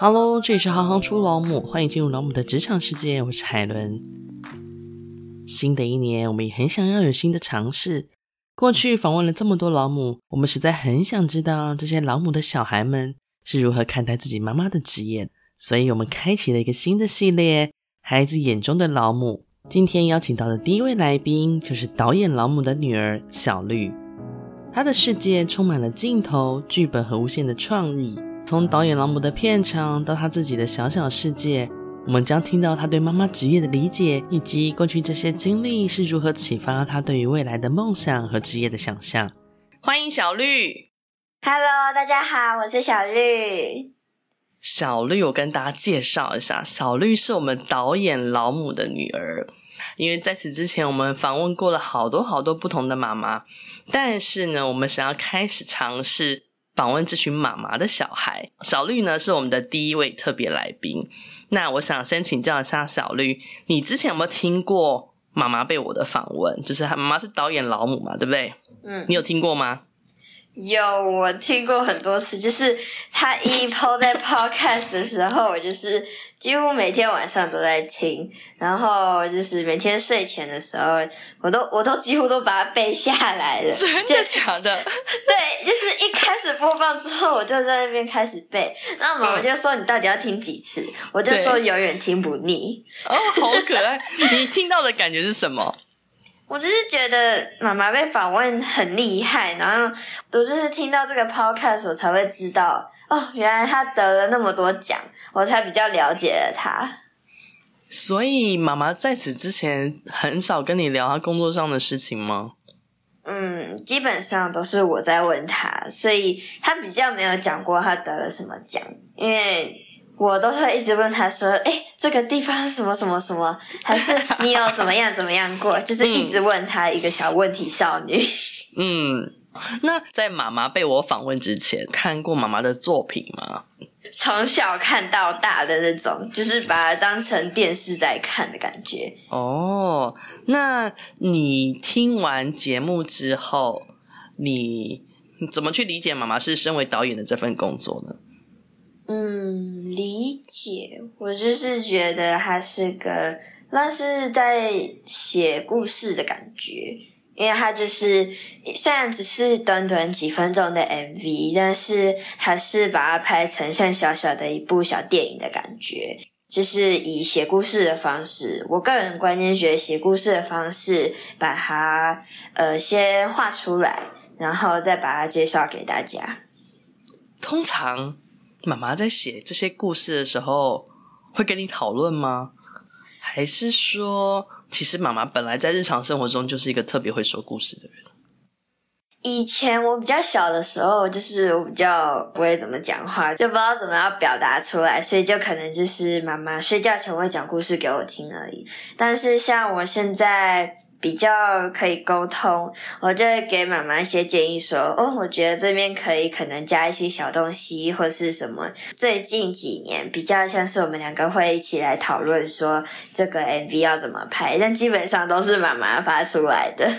哈嘍，這裡是行行出老母，歡迎進入老母的職場世界。我是海倫。新的一年，我們也很想要有新的嘗試。過去訪問了這麼多老母，我們實在很想知道這些老母的小孩們是如何看待自己媽媽的職業。所以，我們開啟了一個新的系列《孩子眼中的老母》。今天邀請到的第一位來賓就是導演老母的女兒小綠，她的世界充滿了鏡頭、劇本和無限的創意。從導演老母的片場到她自己的小小世界，我們將聽到她對媽媽職業的理解，以及過去這些經歷是如何啟發她對於未來的夢想和職業的想象。歡迎小綠，Hello，大家好，我是小綠。小綠，我跟大家介紹一下，小綠是我們導演老母的女兒。因為在此之前，我們訪問過了好多好多不同的媽媽，但是呢，我們想要開始嘗試。訪問這群媽媽的小孩，小綠呢是我們的第一位特別來賓。那我想先請教一下小綠，你之前有沒有聽過媽媽被我的訪問？就是她媽媽是導演老母嘛，對不對？嗯，你有聽過嗎？有，我聽過很多次，就是他一拋 po 在 podcast 的時候， 我就是幾乎每天晚上都在聽，然後就是每天睡前的時候，我都我都幾乎都把它背下來了。真的假的？對，就是一開始播放之後，我就在那邊開始背。那麼我就說：“你到底要聽幾次？”我就說：“永遠聽不膩。”哦，好可愛！ 你聽到的感覺是什麼？我只是覺得媽媽被訪問很厲害，然後我就是聽到這個 podcast 我才會知道，哦，原來她得了那麼多獎，我才比較了解了她。所以媽媽在此之前很少跟你聊她工作上的事情嗎？嗯，基本上都是我在問她，所以她比較沒有講過她得了什麼獎，因為。我都會一直問他說：“哎，這個地方是什麼什麼什麼？還是你有怎麼樣怎麼樣過？ 就是一直問他一個小問題少女。”嗯，那在媽媽被我訪問之前，看過媽媽的作品嗎？從小看到大的那種，就是把它當成電視在看的感覺。哦，那你聽完節目之後，你怎麼去理解媽媽是身為導演的這份工作呢？嗯，理解。我就是覺得他是個，那是在寫故事的感覺，因為他就是雖然只是短短幾分鐘的 MV，但是還是把它拍成像小小的一部小電影的感覺，就是以寫故事的方式。我個人觀點，學寫故事的方式，把它呃先畫出來，然後再把它介紹給大家。通常。媽媽在寫這些故事的時候，會跟你討論嗎？還是說，其實媽媽本來在日常生活中就是一個特別會說故事的人？以前我比較小的時候，就是我比較不會怎麼講話，就不知道怎麼樣表達出來，所以就可能就是媽媽睡覺前會講故事給我聽而已。但是像我現在。比較可以溝通，我就會給媽媽一些建議說，說哦，我覺得這邊可以可能加一些小東西，或是什麼。最近幾年，比較像是我們兩個會一起來討論說這個 MV 要怎麼拍，但基本上都是媽媽發出來的。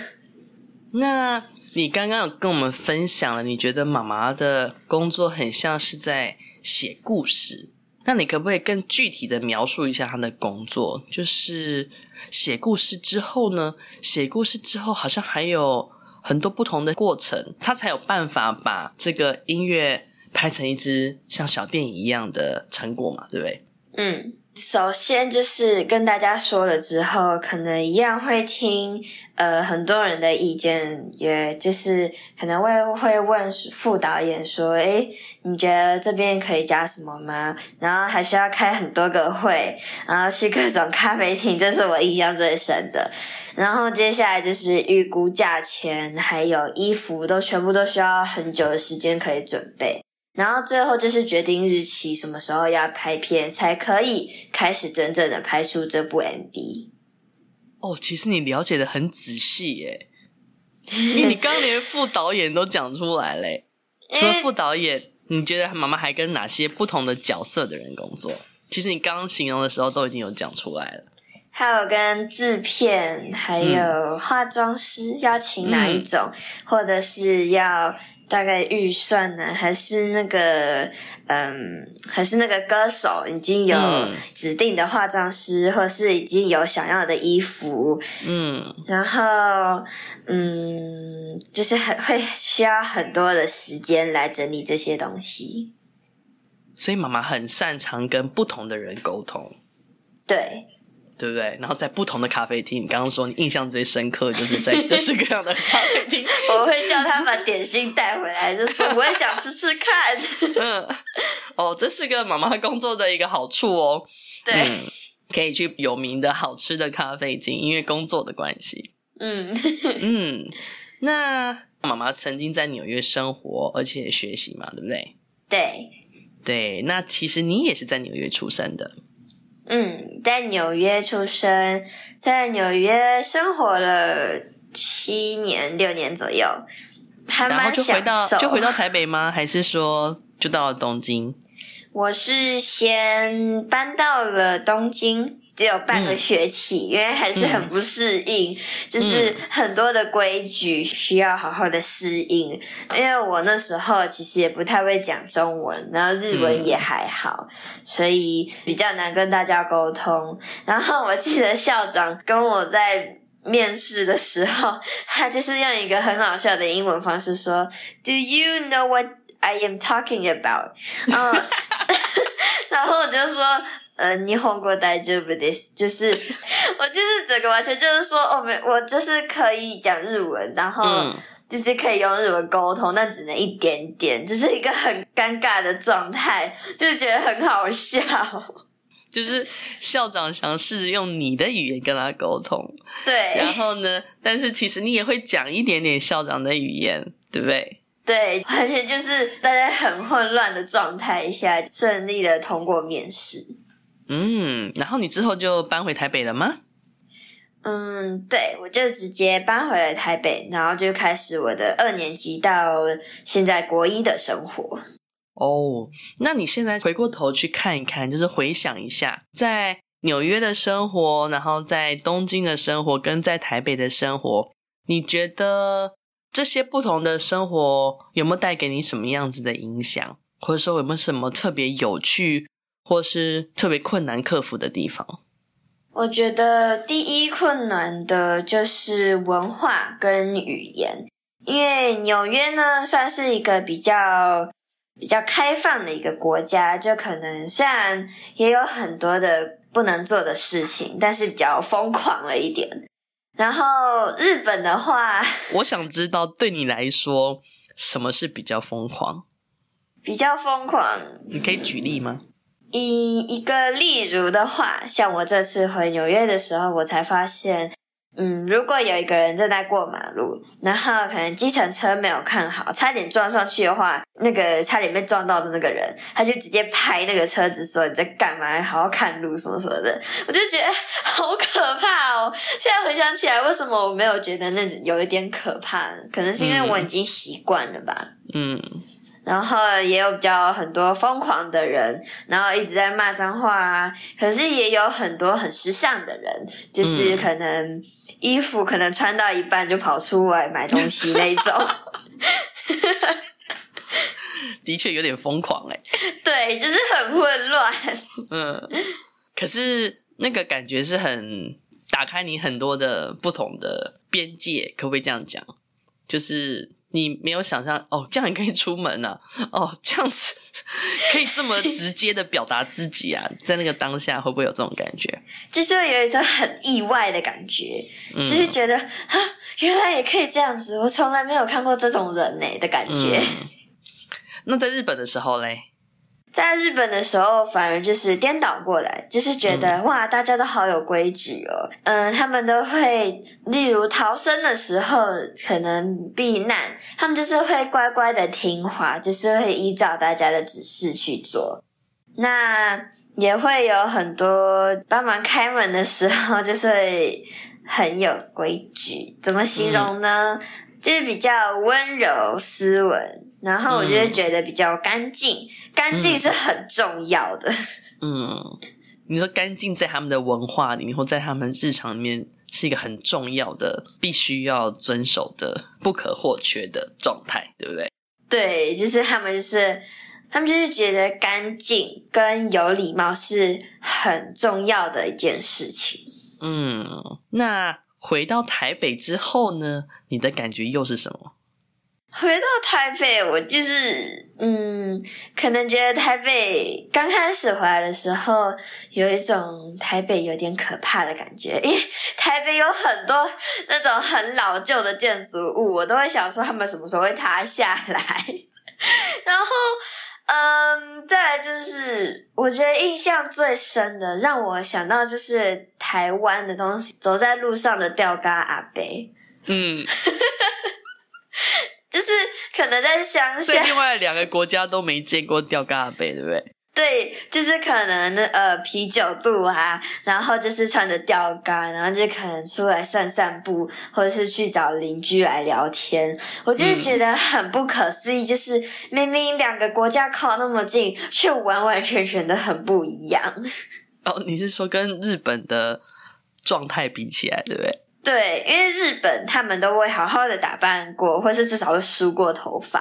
那你剛剛有跟我們分享了，你覺得媽媽的工作很像是在寫故事？那你可不可以更具體的描述一下她的工作？就是。寫故事之後呢？寫故事之後，好像還有很多不同的過程，他才有辦法把這個音樂拍成一支像小電影一樣的成果嘛，對不對？嗯。首先就是跟大家說了之後，可能一樣會聽呃很多人的意見，也就是可能會會問副導演說：“哎，你覺得這邊可以加什麼嗎？”然後還需要開很多個會，然後去各種咖啡廳，這是我印象最深的。然後接下來就是預估價錢，還有衣服都全部都需要很久的時間可以準備。然後最後就是決定日期，什麼時候要拍片才可以開始真正的拍出這部 MV。哦，其實你了解得很仔細耶， 因為你剛連副導演都講出來嘞、欸。除了副導演，你覺得媽媽還跟哪些不同的角色的人工作？其實你剛剛形容的時候都已經有講出來了，還有跟制片，還有化妝師，嗯、要請哪一種，嗯、或者是要。大概預算呢？還是那個嗯，還是那個歌手已經有指定的化妝師，嗯、或是已經有想要的衣服，嗯，然後嗯，就是很會需要很多的時間來整理這些東西。所以媽媽很擅長跟不同的人溝通，對。對不對？然後在不同的咖啡廳，你剛剛說你印象最深刻就是在各式各樣的咖啡廳。 我會叫他把點心帶回來，就是我也想吃吃看。 嗯，哦，這是個媽媽工作的一個好處哦。對、嗯，可以去有名的好吃的咖啡廳，因為工作的關係。嗯 嗯，那媽媽曾經在紐約生活，而且學習嘛，對不對？對對，那其實你也是在紐約出生的。嗯，在紐約出生，在紐約生活了七年六年左右還，然後就回到就回到台北嗎？還是說就到了東京？我是先搬到了東京。只有半個學期，嗯、因為還是很不適應、嗯，就是很多的規矩需要好好的適應、嗯。因為我那時候其實也不太會講中文，然後日文也還好，嗯、所以比較難跟大家溝通。然後我記得校長跟我在面試的時候，他就是用一個很好笑的英文方式說：“Do you know what I am talking about？” 嗯、 uh,， 然後我就說。呃，日本語大丈夫です，就是我就是整個完全就是說，哦，沒，我就是可以講日文，然後就是可以用日文溝通，嗯，但只能一點點，就是一個很尷尬的狀態，就覺得很好笑。就是校長想試着用你的語言跟他溝通，對，然後呢，但是其實你也會講一點點校長的語言，對不對？對，完全就是大家很混亂的狀態下，順利的通過面試。嗯，然後你之後就搬回台北了嗎？嗯，對，我就直接搬回了台北，然後就開始我的二年級到現在國一的生活。哦，那你現在回過頭去看一看，就是回想一下，在紐約的生活，然後在東京的生活，跟在台北的生活，你覺得這些不同的生活有沒有帶給你什麼樣子的影響，或者說有沒有什麼特別有趣？或是特別困難克服的地方？我覺得第一困難的就是文化跟語言，因為紐約呢算是一個比較比較開放的一個國家，就可能雖然也有很多的不能做的事情，但是比較瘋狂了一點。然後日本的話，我想知道對你來說，什麼是比較瘋狂？比較瘋狂，你可以舉例嗎？嗯一一個例如的話，像我這次回紐約的時候，我才發現，嗯，如果有一個人正在過馬路，然後可能計程車沒有看好，差點撞上去的話，那個差點被撞到的那個人，他就直接拍那個車子說：“你在幹嘛？好好看路什麼什麼的。”我就覺得好可怕哦。現在回想起來，為什麼我沒有覺得那有一點可怕？可能是因為我已經習慣了吧。嗯。嗯然後也有比較很多瘋狂的人，然後一直在罵髒話啊。可是也有很多很時尚的人，就是可能衣服可能穿到一半就跑出來買東西那種。 的確有點瘋狂誒。對，就是很混亂。嗯，可是那個感覺是很打開你很多的不同的邊界，可不可以這樣講？就是。你沒有想象哦，這樣也可以出門呢、啊？哦，這樣子可以這麼直接的表達自己啊， 在那個當下會不會有這種感覺？就是有一種很意外的感覺，就是覺得哈、嗯啊，原來也可以這樣子，我從來沒有看過這種人呢、欸、的感覺、嗯。那在日本的時候嘞？在日本的時候，反而就是顛倒過來，就是覺得、嗯、哇，大家都好有規矩哦。嗯，他們都會，例如逃生的時候，可能避難，他們就是會乖乖的聽話，就是會依照大家的指示去做。那也會有很多幫忙開門的時候，就是會很有規矩，怎麼形容呢？嗯、就是比較溫柔、斯文。然後我就是覺得比較乾淨、嗯，乾淨是很重要的。嗯，你說乾淨在他們的文化裡面或在他們日常裡面是一個很重要的、必須要遵守的不可或缺的狀態，對不對？對，就是他們就是他們就是覺得乾淨跟有禮貌是很重要的一件事情。嗯，那回到台北之後呢，你的感覺又是什麼？回到台北，我就是嗯，可能覺得台北剛開始回來的時候，有一種台北有點可怕的感覺，因為台北有很多那種很老舊的建築物，我都會想說他們什麼時候會塌下來。然後，嗯，再來就是我覺得印象最深的，讓我想到就是台灣的東西，走在路上的吊嘎阿伯。嗯。就是可能在鄉下，另外兩個國家都沒見過吊嘎背，對不對？對，就是可能呃啤酒肚啊，然後就是穿着吊嘎，然後就可能出來散散步，或者是去找鄰居來聊天。我就覺得很不可思議，嗯、就是明明兩個國家靠那麼近，卻完完全全的很不一樣。哦，你是說跟日本的狀態比起來，對不對？對，因為日本他們都會好好的打扮過，或是至少會梳過頭髮、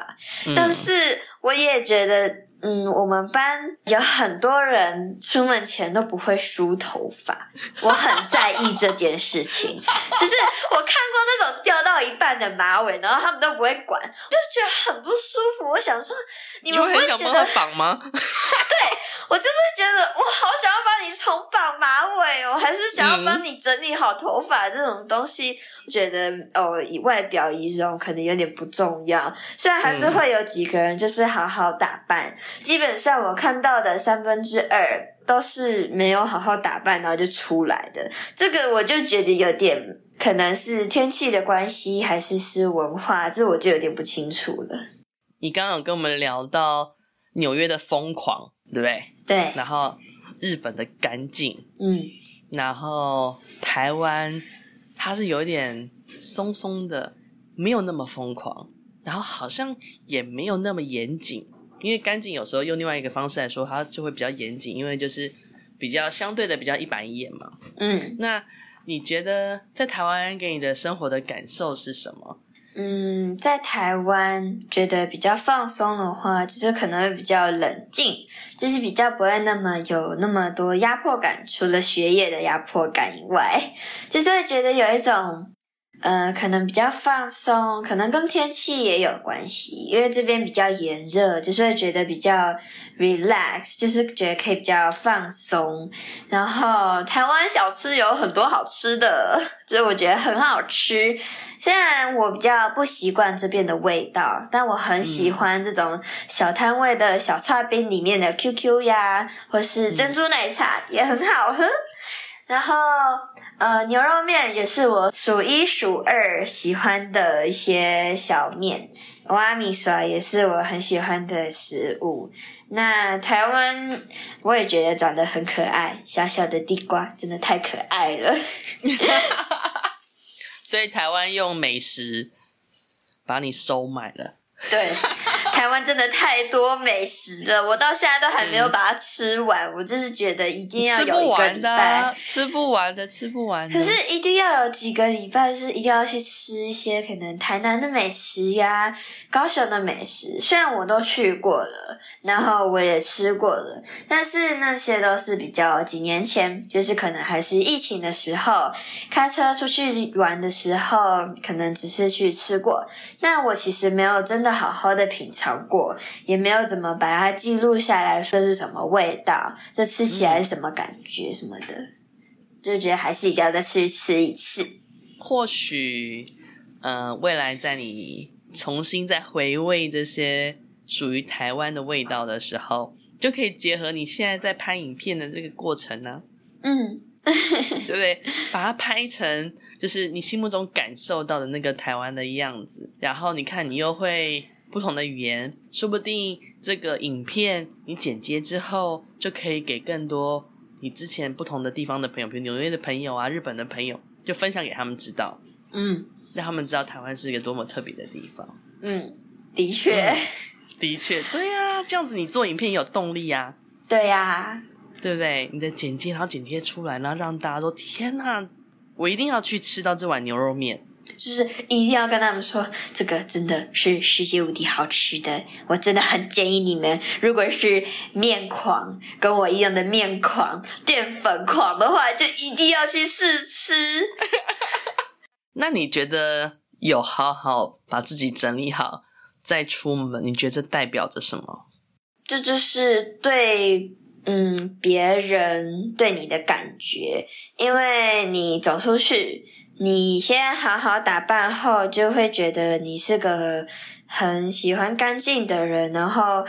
嗯。但是我也覺得，嗯，我們班有很多人出門前都不會梳頭髮，我很在意這件事情。 就是我看過那種掉到一半的馬尾，然後他們都不會管，我就覺得很不舒服。我想說，你們會，你會很想幫他綁嗎？ 我就是覺得，我好想要幫你重綁馬尾，我還是想要幫你整理好頭髮。這種東西，嗯、我覺得哦，以外表儀容可能有點不重要。雖然還是會有幾個人就是好好打扮，嗯，基本上我看到的三分之二都是沒有好好打扮，然後就出來的。這個我就覺得有點可能是天氣的關係，還是是文化，這我就有點不清楚了。你剛剛有跟我們聊到紐約的瘋狂。對不對？對。然後日本的乾淨，嗯，然後台灣它是有一點鬆松的，沒有那麼瘋狂，然後好像也沒有那麼嚴謹，因為乾淨有時候用另外一個方式來說，它就會比較嚴謹，因為就是比較相對的比較一板一眼嘛。嗯。那你覺得在台灣給你的生活的感受是什麼？嗯，在台灣覺得比較放鬆的話，就是可能會比較冷靜，就是比較不會那麼有那麼多壓迫感，除了學業的壓迫感以外，就是會覺得有一種。呃，可能比較放鬆，可能跟天氣也有關係，因為這邊比較炎熱，就是會覺得比較 relax，就是覺得可以比較放鬆。然後台灣小吃有很多好吃的，所以我覺得很好吃。雖然我比較不習慣這邊的味道，但我很喜歡這種小攤位的小剉冰裡面的 QQ 呀，或是珍珠奶茶、嗯、也很好喝。然後。呃，牛肉麵也是我數一數二喜歡的一些小麵，哇、哦啊，米甩也是我很喜歡的食物。那台灣，我也覺得長得很可愛，小小的地瓜真的太可愛了。 所以台灣用美食把你收買了。對。 台灣真的太多美食了，我到現在都還沒有把它吃完。嗯、我就是覺得一定要有一個禮拜吃不完的、啊、吃不完的，吃不完的。可是一定要有幾個禮拜是一定要去吃一些可能台南的美食呀、高雄的美食。雖然我都去過了，然後我也吃過了，但是那些都是比較幾年前，就是可能還是疫情的時候，開車出去玩的時候，可能只是去吃過。那我其實沒有真的好好的品嘗。過也沒有怎麼把它記錄下來，說是什麼味道，這吃起來是什麼感覺什麼的，就覺得還是一定要再去吃，吃一次。或許，呃，未來在你重新再回味這些屬於台灣的味道的時候，就可以結合你現在在拍影片的這個過程呢、啊。嗯， 對不對？把它拍成就是你心目中感受到的那個台灣的樣子，然後你看你又會。不同的語言，說不定這個影片，你剪接之後，就可以給更多你之前不同的地方的朋友，比如紐約的朋友啊、日本的朋友，就分享給他們知道。嗯，讓他們知道台灣是一個多麼特別的地方。嗯，的確、嗯，的確，對呀、啊，這樣子你做影片也有動力呀、啊。對呀、啊，對不對？你的剪接，然後剪接出來，然後讓大家說：“天哪、啊，我一定要去吃到這碗牛肉麵。”就是一定要跟他們說，這個真的是世界無敵好吃的。我真的很建議你們，如果是麵狂跟我一樣的麵狂、澱粉狂的話，就一定要去試吃。 那你覺得有好好把自己整理好再出門，你覺得這代表着什麼？這就是對嗯別人對你的感覺，因為你走出去。你先好好打扮後，就會覺得你是個很喜歡乾淨的人。然後，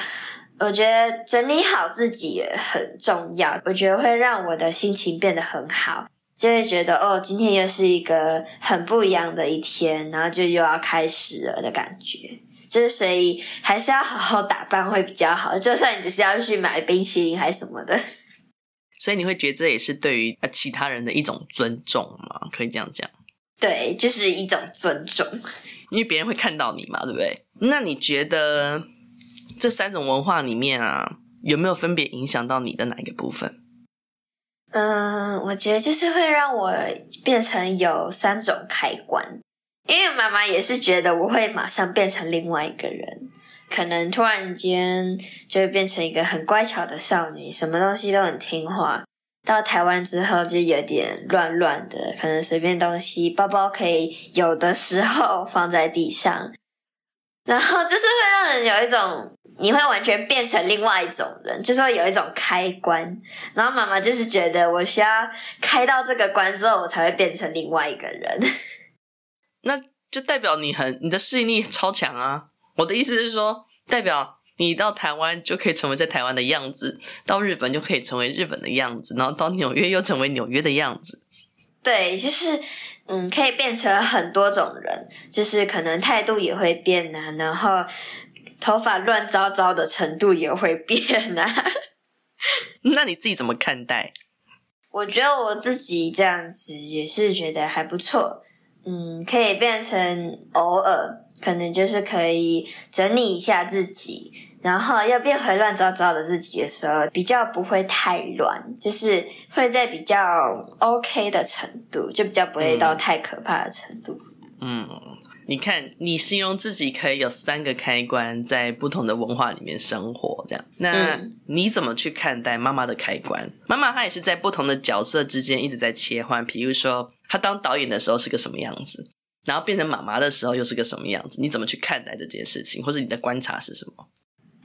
我覺得整理好自己也很重要。我覺得會讓我的心情變得很好，就會覺得哦，今天又是一個很不一樣的一天，然後就又要開始了的感覺。就是所以還是要好好打扮會比較好。就算你只是要去買冰淇淋還是什麼的。所以你會覺得這也是對於呃其他人的一種尊重嗎？可以這樣講。對，就是一種尊重，因為別人會看到你嘛，對不對？那你覺得這三種文化裡面啊，有沒有分別影響到你的哪一個部分？嗯、呃，我覺得就是會讓我變成有三種開關，因為媽媽也是覺得我會馬上變成另外一個人。可能突然間就會變成一個很乖巧的少女，什麼東西都很聽話。到台灣之後就有點亂亂的，可能隨便東西包包可以有的時候放在地上，然後就是會讓人有一種你會完全變成另外一種人，就是會有一種開關。然後媽媽就是覺得我需要開到這個關之後，我才會變成另外一個人。那就代表你很你的適應力超強啊！我的意思是說，代表你到台灣就可以成為在台灣的樣子，到日本就可以成為日本的樣子，然後到紐約又成為紐約的樣子。對，就是嗯，可以變成很多種人，就是可能態度也會變啊，然後頭髮亂糟糟的程度也會變啊。 那你自己怎麼看待？我覺得我自己這樣子也是覺得還不錯，嗯，可以變成偶爾。可能就是可以整理一下自己，然後要變回亂糟糟的自己的時候，比較不會太亂，就是會在比較 OK 的程度，就比較不會到太可怕的程度。嗯，嗯，你看你形容自己可以有三個開關，在不同的文化裡面生活，這樣，那、嗯、你怎麼去看待媽媽的開關？媽媽她也是在不同的角色之間一直在切換，比如說她當導演的時候是個什麼樣子？然後變成媽媽的時候又是個什麼樣子？你怎麼去看待這件事情，或者你的觀察是什麼？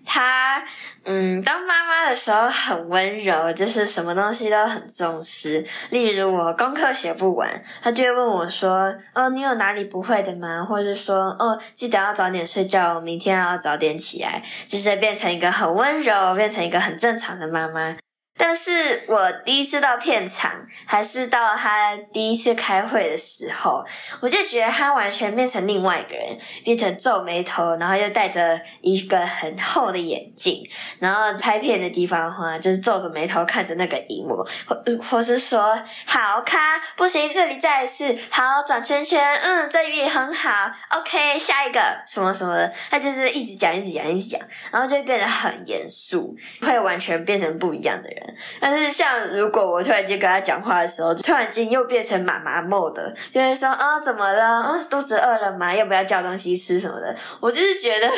他嗯，當媽媽的時候很溫柔，就是什麼東西都很重視。例如我功課寫不完，他就會問我說：“哦，你有哪裡不會的嗎？”或者說：“哦，記得要早點睡覺，明天要早點起來。”就是變成一個很溫柔，變成一個很正常的媽媽。但是我第一次到片場，還是到他第一次開會的時候，我就覺得他完全變成另外一個人，變成皺眉頭，然後又戴着一個很厚的眼鏡，然後拍片的地方的話，就是皺着眉頭看着那個熒幕，或或是說好，卡，不行，這裡再來一次，好轉圈圈，嗯，這裡很好，OK，下一個什麼什麼的，他就是一直講，一直講，一直講，然後就會變得很嚴肅，會完全變成不一樣的人。但是，像如果我突然間跟他講話的時候，突然間又變成媽媽 mode，就會說啊、哦，怎麼了？啊、哦，肚子餓了嗎？要不要叫東西吃什麼的？我就是覺得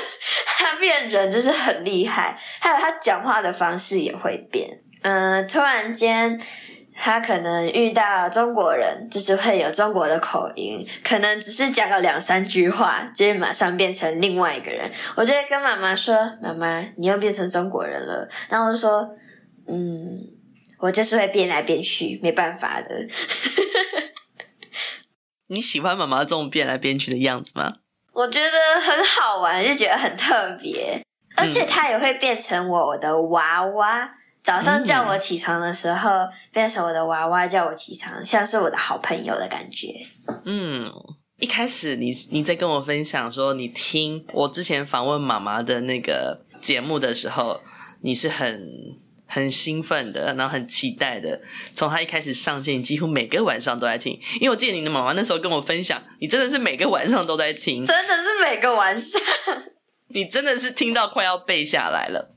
他變人就是很厲害，還有他講話的方式也會變。嗯、呃，突然間他可能遇到中國人，就是會有中國的口音，可能只是講個兩三句話，就會馬上變成另外一個人。我就會跟媽媽說：“媽媽，你又變成中國人了。”然後就說。嗯，我就是會變來變去，沒辦法的。 你喜歡媽媽這種變來變去的樣子嗎？我覺得很好玩，就覺得很特別，而且她也會變成我的娃娃。早上叫我起床的時候，嗯、變成我的娃娃叫我起床，像是我的好朋友的感覺。嗯，一開始你你在跟我分享說，你聽我之前訪問媽媽的那個節目的時候，你是很。很興奮的，然後很期待的。從他一開始上線，你幾乎每個晚上都在聽，因為我記得你的媽媽那時候跟我分享，你真的是每個晚上都在聽，真的是每個晚上，你真的是聽到快要背下來了。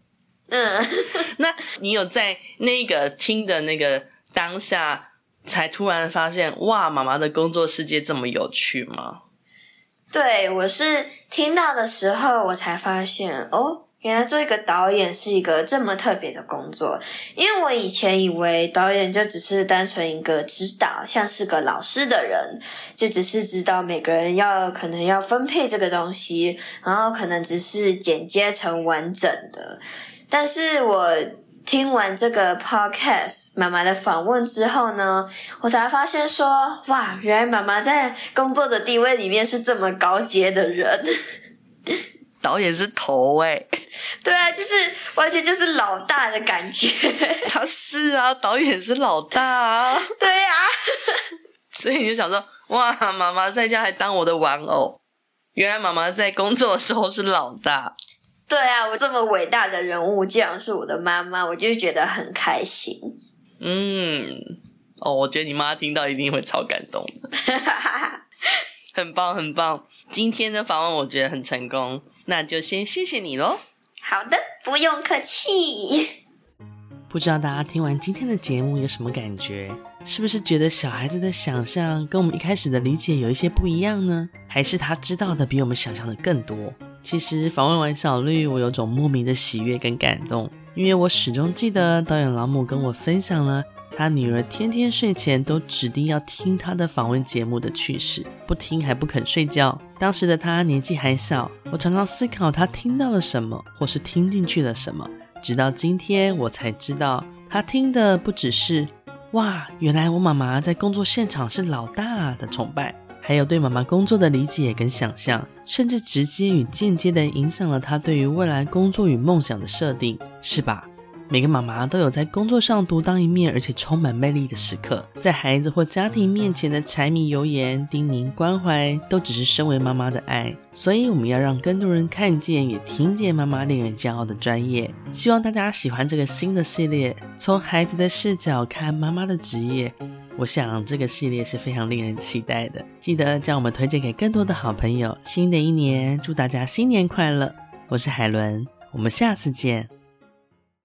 嗯， 那你有在那個聽的那個當下，才突然發現哇，媽媽的工作世界這麼有趣嗎？對我是聽到的時候，我才發現哦。原來做一個導演是一個這麼特別的工作，因為我以前以為導演就只是單純一個指導，像是個老師的人，就只是指導每個人要可能要分配這個東西，然後可能只是剪接成完整的。但是我聽完這個 podcast 媽媽的訪問之後呢，我才發現說，哇，原來媽媽在工作的地位裡面是這麼高階的人。導演是頭欸，對啊，就是完全就是老大的感覺。他是啊，導演是老大啊。 對啊，所以你就想說，哇，媽媽在家還當我的玩偶，原來媽媽在工作的時候是老大。對啊，我這麼偉大的人物，竟然是我的媽媽，我就覺得很開心。嗯，哦，我覺得你媽聽到一定會超感動的 很棒，很棒。今天的訪問我覺得很成功，那就先謝謝你嘍。好的，不用客氣。不知道大家聽完今天的節目有什麼感覺？是不是覺得小孩子的想象跟我們一開始的理解有一些不一樣呢？還是他知道的比我們想象的更多？其實訪問完小綠，我有種莫名的喜悅跟感動，因為我始終記得導演老母跟我分享了。他女兒天天睡前都指定要聽他的訪問節目的趣事，不聽還不肯睡覺。當時的他年紀還小，我常常思考他聽到了什麼，或是聽進去了什麼。直到今天，我才知道他聽的不只是“哇，原來我媽媽在工作現場是老大的崇拜”，還有對媽媽工作的理解跟想象，甚至直接與間接地影響了他對於未來工作與夢想的設定，是吧？每個媽媽都有在工作上獨當一面，而且充滿魅力的時刻。在孩子或家庭面前的柴米油鹽、叮嚀關懷，都只是身為媽媽的愛。所以，我們要讓更多人看見，也聽見媽媽令人驕傲的專業。希望大家喜歡這個新的系列，從孩子的視角看媽媽的職業。我想這個系列是非常令人期待的。記得將我們推薦給更多的好朋友。新的一年，祝大家新年快樂！我是海倫，我們下次見。